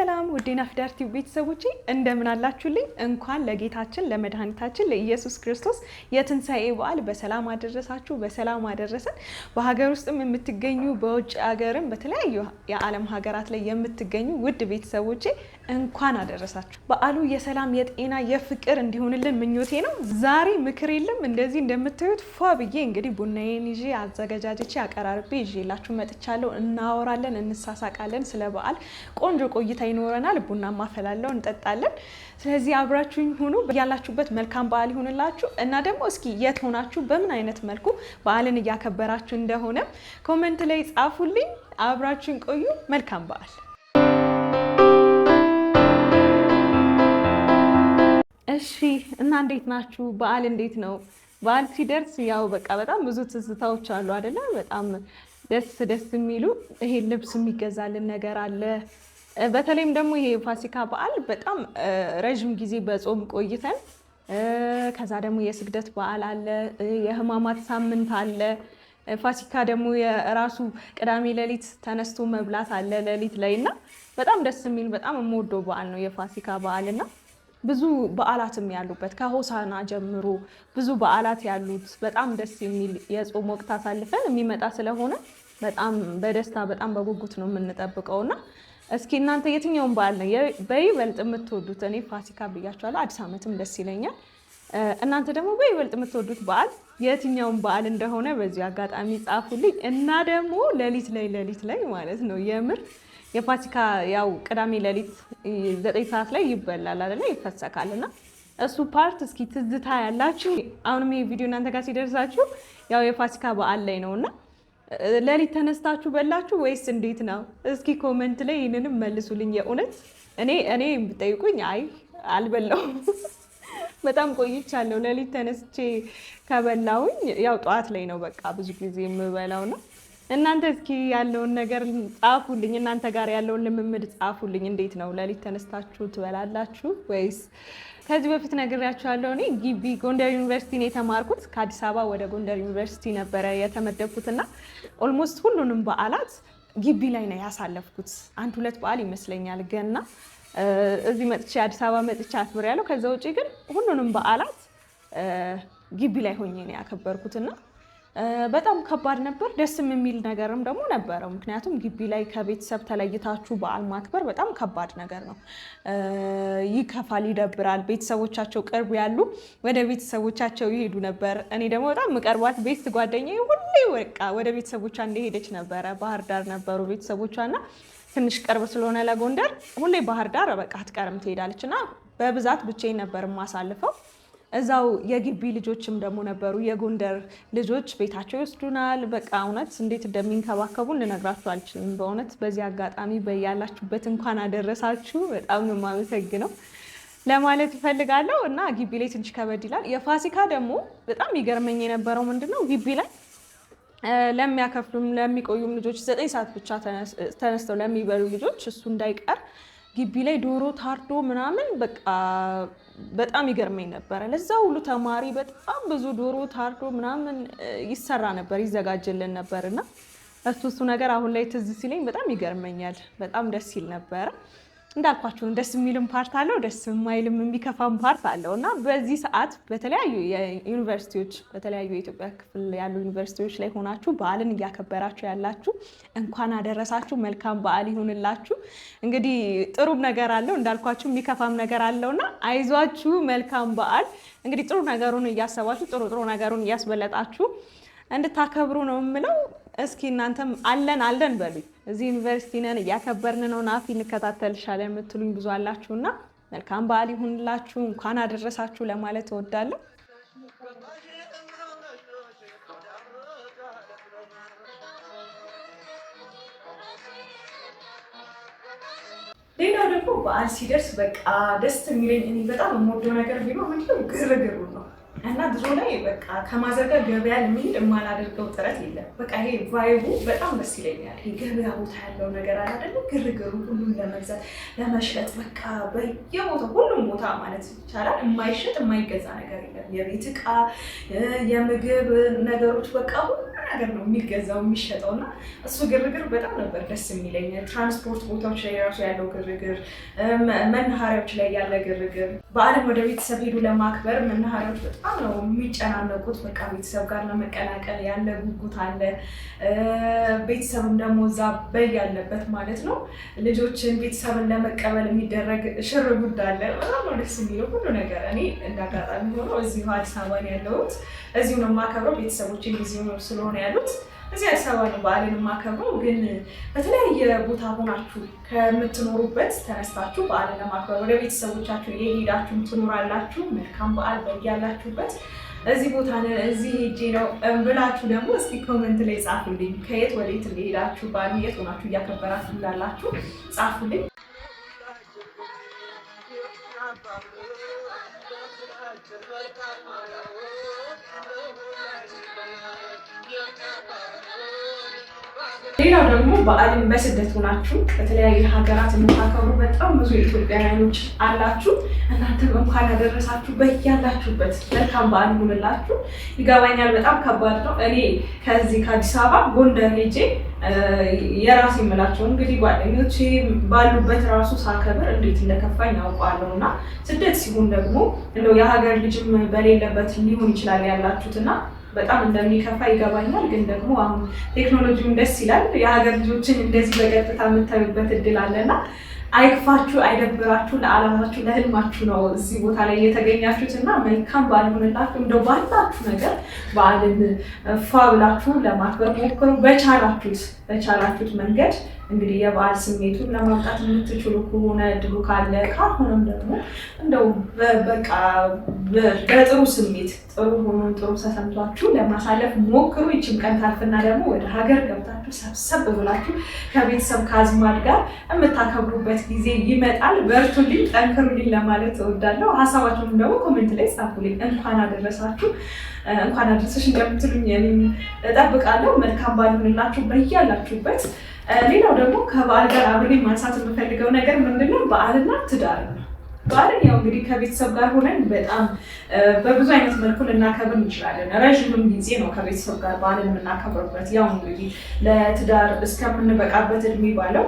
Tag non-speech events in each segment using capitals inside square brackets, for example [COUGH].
ሰላም ውዴና ፊዳር ቤተሰቦች እንደምን አላችሁልኝ? እንኳን ለጌታችን ለመድኃኒታችን ለኢየሱስ ክርስቶስ የትንሣኤ በዓል በሰላም አደረሳችሁ፣ በሰላም አደረሰን። በሀገር ውስጥም የምትገኙ በውጭ ሀገርም በተለያዩ የዓለም ሀገራት ላይ የምትገኙ ውድ ቤተሰቦቼ እንኳን አደረሳችሁ። በዓሉ የሰላም የጤና የፍቅር እንዲሆንልን ምኞቴ ነው። ዛሬ ምክር የለም እንደዚህ እንደምታዩት ፏ ብዬ እንግዲህ ቡናዬን ይዤ አዘገጃጀቼ አቀራርቤ ይዤላችሁ መጥቻለሁ። እናወራለን፣ እንሳሳቃለን ስለ በዓል ቆንጆ ቆይታ ይኖረናል። ቡና ማፈላለው እንጠጣለን። ስለዚህ አብራችሁኝ ሁኑ። ያላችሁበት መልካም በዓል ይሁንላችሁ እና ደግሞ እስኪ የት ሆናችሁ በምን አይነት መልኩ በዓልን እያከበራችሁ እንደሆነ ኮመንት ላይ ጻፉልኝ። አብራችሁን ቆዩ። መልካም በዓል። እሺ እና እንዴት ናችሁ? በዓል እንዴት ነው? በዓል ሲደርስ ያው በቃ በጣም ብዙ ትዝታዎች አሉ አይደለ? በጣም ደስ ደስ የሚሉ ይሄ ልብስ የሚገዛልን ነገር አለ በተለይም ደግሞ ይሄ ፋሲካ በዓል በጣም ረዥም ጊዜ በጾም ቆይተን ከዛ ደግሞ የስግደት በዓል አለ፣ የህማማት ሳምንት አለ። ፋሲካ ደግሞ የራሱ ቅዳሜ ሌሊት ተነስቶ መብላት አለ ሌሊት ላይ እና በጣም ደስ የሚል በጣም የምወደው በዓል ነው የፋሲካ በዓል እና ብዙ በዓላትም ያሉበት ከሆሳና ጀምሮ ብዙ በዓላት ያሉት በጣም ደስ የሚል የጾም ወቅት አሳልፈን የሚመጣ ስለሆነ በጣም በደስታ በጣም በጉጉት ነው የምንጠብቀው እና እስኪ እናንተ የትኛውን በዓል ነው በይበልጥ የምትወዱት? እኔ ፋሲካ ብያችኋለሁ፣ አዲስ ዓመትም ደስ ይለኛል። እናንተ ደግሞ በይበልጥ የምትወዱት በዓል የትኛውን በዓል እንደሆነ በዚህ አጋጣሚ ጻፉልኝ እና ደግሞ ሌሊት ላይ ሌሊት ላይ ማለት ነው የምር የፋሲካ ያው ቅዳሜ ሌሊት ዘጠኝ ሰዓት ላይ ይበላል አይደለ? ይፈሰካል እና እሱ ፓርት እስኪ ትዝታ ያላችሁ አሁንም ይሄ ቪዲዮ እናንተ ጋር ሲደርሳችሁ ያው የፋሲካ በዓል ላይ ነው እና ለሊት ተነስታችሁ በላችሁ ወይስ እንዴት ነው? እስኪ ኮመንት ላይ ይህንንም መልሱልኝ። የእውነት እኔ እኔ ብጠይቁኝ አይ አልበላውም [LAUGHS] በጣም ቆይቻለሁ። ለሊት ተነስቼ ከበላውኝ ያው ጠዋት ላይ ነው በቃ ብዙ ጊዜ የምበላው ነው። እናንተ እስኪ ያለውን ነገር ጻፉልኝ። እናንተ ጋር ያለውን ልምምድ ጻፉልኝ። እንዴት ነው? ለሊት ተነስታችሁ ትበላላችሁ ወይስ ከዚህ በፊት ነግሬያችኋለሁ። እኔ ግቢ ጎንደር ዩኒቨርሲቲ ነው የተማርኩት። ከአዲስ አበባ ወደ ጎንደር ዩኒቨርሲቲ ነበረ የተመደብኩትና ኦልሞስት ሁሉንም በዓላት ጊቢ ላይ ነው ያሳለፍኩት። አንድ ሁለት በዓል ይመስለኛል ገና እዚህ መጥቼ አዲስ አበባ መጥቼ አክብሬያለሁ። ከዛ ውጭ ግን ሁሉንም በዓላት ጊቢ ላይ ሆኜ ነው ያከበርኩትና በጣም ከባድ ነበር። ደስም የሚል ነገርም ደግሞ ነበረው። ምክንያቱም ግቢ ላይ ከቤተሰብ ተለይታችሁ በዓል ማክበር በጣም ከባድ ነገር ነው። ይከፋል፣ ይደብራል። ቤተሰቦቻቸው ቅርብ ያሉ ወደ ቤተሰቦቻቸው ይሄዱ ነበር። እኔ ደግሞ በጣም ምቀርባት ቤት ጓደኛዬ ሁሌ በቃ ወደ ቤተሰቦቿ እንደሄደች ነበረ። ባህር ዳር ነበሩ ቤተሰቦቿ እና ትንሽ ቅርብ ስለሆነ ለጎንደር ሁሌ ባህር ዳር በቃ አትቀርም ትሄዳለች እና በብዛት ብቻዬን ነበር የማሳልፈው እዛው የግቢ ልጆችም ደግሞ ነበሩ። የጎንደር ልጆች ቤታቸው ይወስዱናል። በቃ እውነት እንዴት እንደሚንከባከቡን ልነግራችሁ አልችልም። በእውነት በዚህ አጋጣሚ በያላችሁበት እንኳን አደረሳችሁ። በጣም ነው የማመሰግነው ለማለት እፈልጋለሁ። እና ግቢ ላይ ትንሽ ከበድ ይላል። የፋሲካ ደግሞ በጣም ይገርመኝ የነበረው ምንድነው ግቢ ላይ ለሚያከፍሉም ለሚቆዩም ልጆች ዘጠኝ ሰዓት ብቻ ተነስተው ለሚበሉ ልጆች እሱ እንዳይቀር ግቢ ላይ ዶሮ ታርዶ ምናምን በቃ በጣም ይገርመኝ ነበረ። ለዛ ሁሉ ተማሪ በጣም ብዙ ዶሮ ታርዶ ምናምን ይሰራ ነበር ይዘጋጅልን ነበር እና እሱ እሱ ነገር አሁን ላይ ትዝ ሲለኝ በጣም ይገርመኛል። በጣም ደስ ይል ነበረ። እንዳልኳችሁም ደስ የሚልም ፓርት አለው፣ ደስ የማይልም የሚከፋም ፓርት አለው እና በዚህ ሰዓት በተለያዩ ዩኒቨርሲቲዎች በተለያዩ የኢትዮጵያ ክፍል ያሉ ዩኒቨርሲቲዎች ላይ ሆናችሁ በዓልን እያከበራችሁ ያላችሁ እንኳን አደረሳችሁ። መልካም በዓል ይሁንላችሁ። እንግዲህ ጥሩም ነገር አለው እንዳልኳችሁ የሚከፋም ነገር አለው እና አይዟችሁ፣ መልካም በዓል እንግዲህ ጥሩ ነገሩን እያሰባችሁ ጥሩ ጥሩ ነገሩን እያስበለጣችሁ እንድታከብሩ ነው የምለው። እስኪ እናንተም አለን አለን በሉኝ። እዚህ ዩኒቨርሲቲ ነን እያከበርን ነው፣ ናፊ እንከታተልሻለን የምትሉኝ ብዙ አላችሁ እና መልካም በዓል ይሁንላችሁ። እንኳን አደረሳችሁ ለማለት እወዳለሁ። ሌላ ደግሞ በዓል ሲደርስ በቃ ደስ የሚለኝ እኔ በጣም የምወደው ነገር ቢኖር ምንድነው ግርግሩ ነው። እና ድሮ ላይ በቃ ከማዘርጋ ገበያ ለሚሄድ የማላደርገው ጥረት የለም። በቃ ይሄ ቫይቡ በጣም ደስ ይለኛል። የገበያ ገበያ ቦታ ያለው ነገር አለ ግርግሩ፣ ሁሉም ለመግዛት ለመሸጥ፣ በቃ በየቦታ ሁሉም ቦታ ማለት ይቻላል የማይሸጥ የማይገዛ ነገር የለም። የቤት እቃ፣ የምግብ ነገሮች በቃ ሁሉ ነገር ነው የሚገዛው የሚሸጠው፣ እና እሱ ግርግር በጣም ነበር ደስ የሚለኝ። ትራንስፖርት ቦታዎች ላይ ራሱ ያለው ግርግር፣ መናኸሪያዎች ላይ ያለ ግርግር፣ በዓልን ወደ ቤተሰብ ሄዱ ለማክበር መናኸሪያዎች በጣም ነው የሚጨናነቁት። በቃ ቤተሰብ ጋር ለመቀላቀል ያለ ጉጉት አለ። ቤተሰብም ደግሞ እዛ በይ ያለበት ማለት ነው። ልጆችን ቤተሰብን ለመቀበል የሚደረግ ሽር ጉድ አለ። በጣም ነው ደስ የሚለው ሁሉ ነገር። እኔ እንዳጋጣሚ ሆኖ እዚሁ አዲስ አበባ ያለሁት እዚሁ ነው የማከብረው ቤተሰቦች ጊዜ ስለሆነ ነው ያሉት። እዚህ አዲስ አበባ ነው በዓልን የማከብረው። ግን በተለያየ ቦታ ሆናችሁ ከምትኖሩበት ተነስታችሁ በዓልን ለማክበር ወደ ቤተሰቦቻችሁ የሄዳችሁ ትኖራላችሁ። መልካም በዓል በያላችሁበት። እዚህ ቦታ ነን እዚህ ሄጄ ነው ብላችሁ ደግሞ እስኪ ኮመንት ላይ ጻፉልኝ። ከየት ወዴት እንደሄዳችሁ በዓልን የት ሆናችሁ እያከበራችሁ እንዳላችሁ ጻፉልኝ። ሌላው ደግሞ በዓልን በስደት ሆናችሁ በተለያዩ ሀገራት የምታከብሩ በጣም ብዙ ኢትዮጵያውያኖች አላችሁ። እናንተ እንኳን ያደረሳችሁ በያላችሁበት መልካም በዓል ሆንላችሁ። ይገባኛል፣ በጣም ከባድ ነው። እኔ ከዚህ ከአዲስ አበባ ጎንደር ሄጄ የራሴ የምላቸው እንግዲህ ጓደኞች ባሉበት ራሱ ሳከብር እንዴት እንደከፋኝ ያውቃለሁ። እና ስደት ሲሆን ደግሞ እንደው የሀገር ልጅም በሌለበት ሊሆን ይችላል ያላችሁት እና በጣም እንደሚከፋ ይገባኛል። ግን ደግሞ አሁን ቴክኖሎጂም ደስ ይላል። የሀገር ልጆችን እንደዚህ በቀጥታ የምታዩበት እድል አለና አይክፋችሁ፣ አይደብራችሁ። ለዓላማችሁ ለህልማችሁ ነው እዚህ ቦታ ላይ እየተገኛችሁት እና መልካም ባልሆንላችሁ እንደ ባላችሁ ነገር በዓልን ፏ ብላችሁ ለማክበር ሞክሩ፣ በቻላችሁት በቻላችሁት መንገድ እንግዲህ የበዓል ስሜቱን ለማምጣት የምትችሉ ከሆነ እድሉ ካለ፣ ካልሆነም ደግሞ እንደው በቃ በጥሩ ስሜት ጥሩ ሆኖን ጥሩ ተሰምቷችሁ ለማሳለፍ ሞክሩ። ይችም ቀን ታልፍና ደግሞ ወደ ሀገር ገብታችሁ ሰብሰብ ብላችሁ ከቤተሰብ ከአዝማድ ጋር የምታከብሩበት ጊዜ ይመጣል። በርቱልኝ፣ ጠንክሩልኝ ለማለት እወዳለሁ። ሀሳባችሁንም ደግሞ ኮሜንት ላይ ጻፉልኝ። እንኳን አደረሳችሁ እንኳን አደረሰሽ እንደምትሉኝ እኔም እጠብቃለሁ። መልካም ባልሆንላችሁ በያላችሁበት። ሌላው ደግሞ ከበዓል ጋር አብሬ ማንሳት የምፈልገው ነገር ምንድነው? በዓልና ትዳር ነው። በዓልን ያው እንግዲህ ከቤተሰብ ጋር ሆነን በጣም በብዙ አይነት መልኩ ልናከብር እንችላለን። ረዥምም ጊዜ ነው ከቤተሰብ ጋር በዓልን የምናከብርበት። ያው እንግዲህ ለትዳር እስከምንበቃበት እድሜ ባለው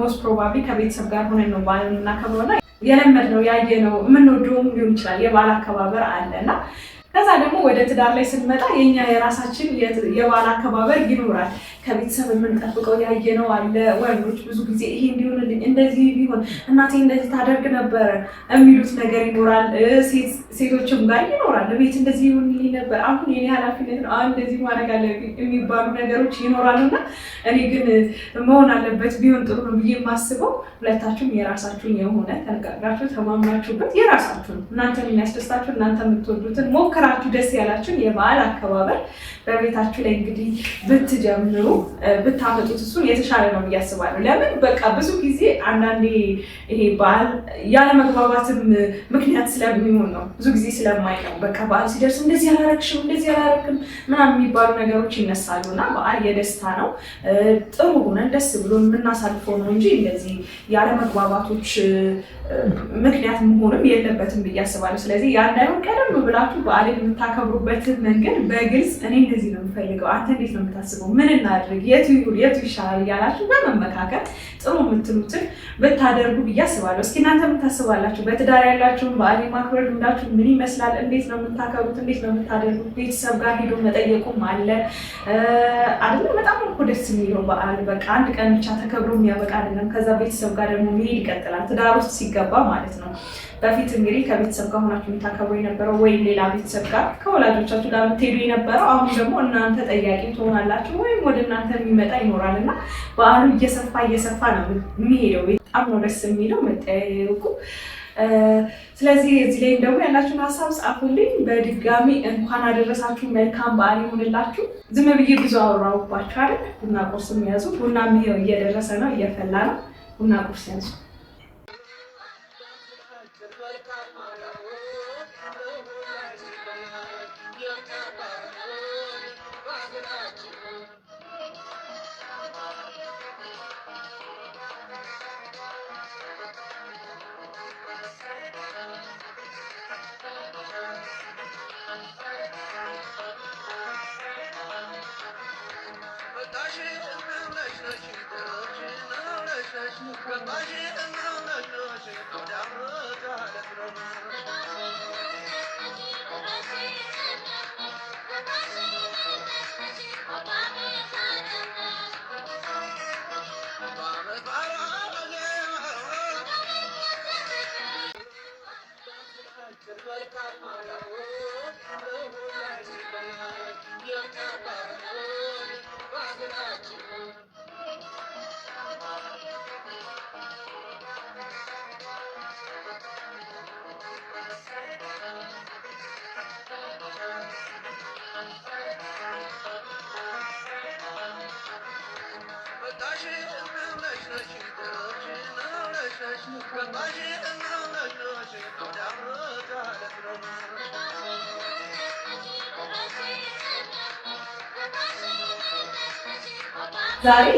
ሞስት ፕሮባብሊ ከቤተሰብ ጋር ሆነን ነው በዓልን የምናከብረውና የለመድ ነው ያየ ነው የምንወደውም ሊሆን ይችላል የበዓል አከባበር አለ እና ከዛ ደግሞ ወደ ትዳር ላይ ስንመጣ የኛ የራሳችን የባል አከባበር ይኖራል። ከቤተሰብ የምንጠብቀው ያየነው አለ። ወንዶች ብዙ ጊዜ ይሄ እንዲሆንልኝ እንደዚህ ቢሆን እናቴ እንደዚህ ታደርግ ነበረ የሚሉት ነገር ይኖራል። ሴቶችም ጋር ይኖራል። ቤት እንደዚህ ይሆንልኝ ነበር፣ አሁን የኔ ኃላፊነት ነው፣ እንደዚህ ማድረግ አለ የሚባሉ ነገሮች ይኖራሉና እኔ ግን መሆን አለበት ቢሆን ጥሩ ነው ብዬ የማስበው ሁለታችሁም የራሳችሁን የሆነ ተነጋግራችሁ ተማምናችሁበት የራሳችሁ ነው እናንተን የሚያስደስታችሁ እናንተ የምትወዱትን ሞከ ሞክራችሁ ደስ ያላችሁን የበዓል አከባበር በቤታችሁ ላይ እንግዲህ ብትጀምሩ ብታመጡት እሱን የተሻለ ነው ብዬ አስባለሁ። ለምን በቃ ብዙ ጊዜ አንዳንዴ ይሄ በዓል ያለመግባባትም ምክንያት ስለሚሆን ነው። ብዙ ጊዜ ስለማይ ነው። በቃ በዓል ሲደርስ እንደዚህ አላረግሽም፣ እንደዚህ አላረግም ምናምን የሚባሉ ነገሮች ይነሳሉ እና በዓል የደስታ ነው። ጥሩ ሆነን ደስ ብሎ የምናሳልፈው ነው እንጂ እንደዚህ ያለመግባባቶች ምክንያት መሆንም የለበትም ብዬ አስባለሁ። ስለዚህ ያንዳይሆን ቀደም ብላችሁ በዓል ፈጣሪን የምታከብሩበትን መንገድ በግልጽ እኔ እንደዚህ ነው የምፈልገው፣ አንተ እንዴት ነው የምታስበው፣ ምን እናድርግ፣ የቱ ይሁን፣ የቱ ይሻላል እያላችሁ በመመካከል ጥሩ የምትሉትን ብታደርጉ ብዬ አስባለሁ። እስኪ እናንተ የምታስባላችሁ በትዳር ያላችሁን በዓል ማክበር ልምዳችሁ ምን ይመስላል? እንዴት ነው የምታከብሩት? እንዴት ነው የምታደርጉት? ቤተሰብ ጋር ሄዶ መጠየቁም አለ አይደለ? በጣም እኮ ደስ የሚለው በዓል በቃ አንድ ቀን ብቻ ተከብሮ የሚያበቃ አይደለም። ከዛ ቤተሰብ ጋር ደግሞ ሚሄድ ይቀጥላል፣ ትዳር ውስጥ ሲገባ ማለት ነው። በፊት እንግዲህ ከቤተሰብ ጋር ሆናችሁ የምታከብሩ የነበረው ወይም ሌላ ቤተሰብ ጋር ከወላጆቻችሁ ጋር የምትሄዱ የነበረው አሁን ደግሞ እናንተ ጠያቂ ትሆናላችሁ ወይም ወደ እናንተ የሚመጣ ይኖራል እና በዓሉ እየሰፋ እየሰፋ ነው የሚሄደው። በጣም ነው ደስ የሚለው መጠያየቁ። ስለዚህ እዚህ ላይ ደግሞ ያላችሁን ሀሳብ ጻፉልኝ። በድጋሚ እንኳን አደረሳችሁ፣ መልካም በዓል ይሁንላችሁ። ዝም ብዬ ብዙ አወራሁባችሁ አይደል? ቡና ቁርስ የሚያዙ ቡና እየደረሰ ነው፣ እየፈላ ነው። ቡና ቁርስ ያዙ። Thank you. ዛሬ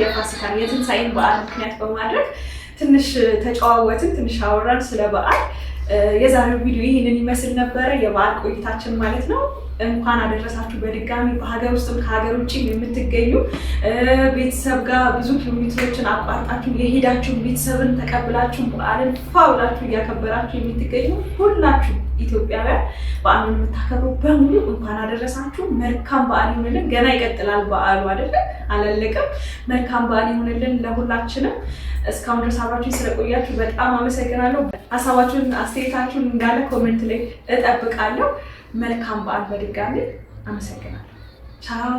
የፋሲካን የትንሳኤን በዓል ምክንያት በማድረግ ትንሽ ተጨዋወትን፣ ትንሽ አወራን ስለ በዓል። የዛሬው ቪዲዮ ይህንን ይመስል ነበረ፣ የበዓል ቆይታችን ማለት ነው። እንኳን አደረሳችሁ በድጋሚ በሀገር ውስጥም ከሀገር ውጭ የምትገኙ ቤተሰብ ጋር ብዙ ኪሎሜትሮችን አቋርጣችሁ የሄዳችሁ ቤተሰብን ተቀብላችሁ በዓልን ፋ ብላችሁ እያከበራችሁ የምትገኙ ሁላችሁ ኢትዮጵያውያን በዓሉን የምታከብሩ በሙሉ እንኳን አደረሳችሁ። መልካም በዓል ይሆንልን። ገና ይቀጥላል በዓሉ አይደለ? አላለቀም። መልካም በዓል ይሆንልን ለሁላችንም። እስካሁን ድረስ አብራችሁ ስለቆያችሁ በጣም አመሰግናለሁ። ሀሳባችሁን አስተያየታችሁን እንዳለ ኮመንት ላይ እጠብቃለሁ። መልካም በዓል በድጋሚ አመሰግናለሁ። ቻው